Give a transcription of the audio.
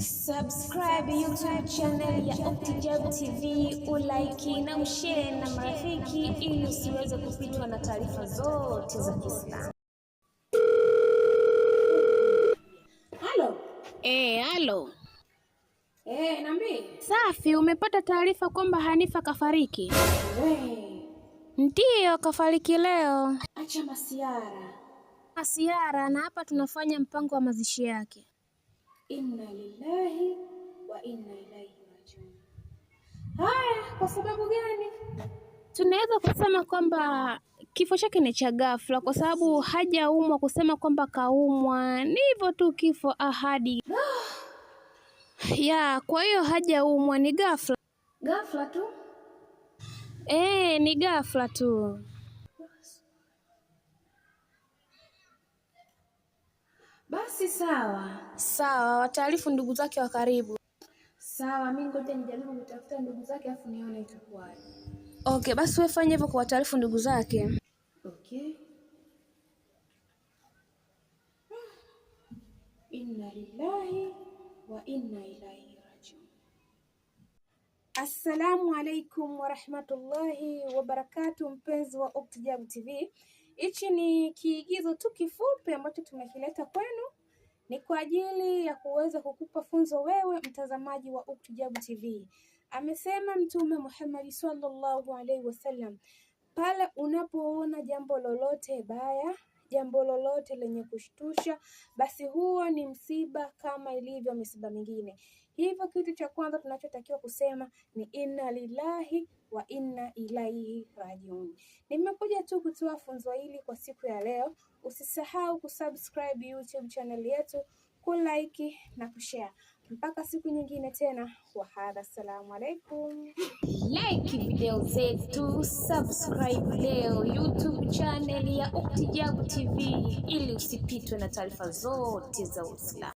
Subscribe YouTube channel ya Optijab TV, ulike na ushare na marafiki ili usiweze kupitwa na taarifa zote za Kiislamu. Halo. Eh, halo. Eh, nambi. Safi, umepata taarifa kwamba Hanifa kafariki? ndio Ndiyo, kafariki leo. Acha masiara. Masiara na hapa tunafanya mpango wa mazishi yake inna lillahi wa inna ilaihi rajiun. Haya, kwa sababu gani tunaweza kusema kwamba kifo chake ni cha ghafla? Kwa sababu hajaumwa kusema kwamba kaumwa, ni hivyo tu, kifo ahadi ah! ya. Kwa hiyo hajaumwa, ni ghafla ghafla tu, eh, ni ghafla tu. Basi sawa sawa, wataarifu ndugu zake wa karibu. Sawa, mimi ngoja nijaribu kutafuta ndugu zake afu nione itakuwaje. Okay, basi wewe fanya hivyo kwa wataarifu ndugu zake. Okay. Inna lillahi wa inna ilaihi rajiun. Assalamu alaikum warahmatullahi wabarakatu, mpenzi wa Uktijabu TV. Hichi ni kiigizo tu kifupi ambacho tumekileta kwenu, ni kwa ajili ya kuweza kukupa funzo wewe mtazamaji wa Uktujabu TV. Amesema Mtume Muhammad sallallahu alaihi wasallam, pale unapoona jambo lolote baya, jambo lolote lenye kushtusha, basi huo ni msiba kama ilivyo misiba mingine. Hivyo kitu cha kwanza tunachotakiwa kusema ni inna lillahi wa inna ilaihi rajiun. Nimekuja tu kutoa funzo hili kwa siku ya leo. Usisahau kusubscribe YouTube channel yetu, kulike na kushare. Mpaka siku nyingine tena, wahadha, assalamu alaikum. Like video zetu, subscribe leo YouTube channel ya Uktijabu TV ili usipitwe na taarifa zote za Uislamu.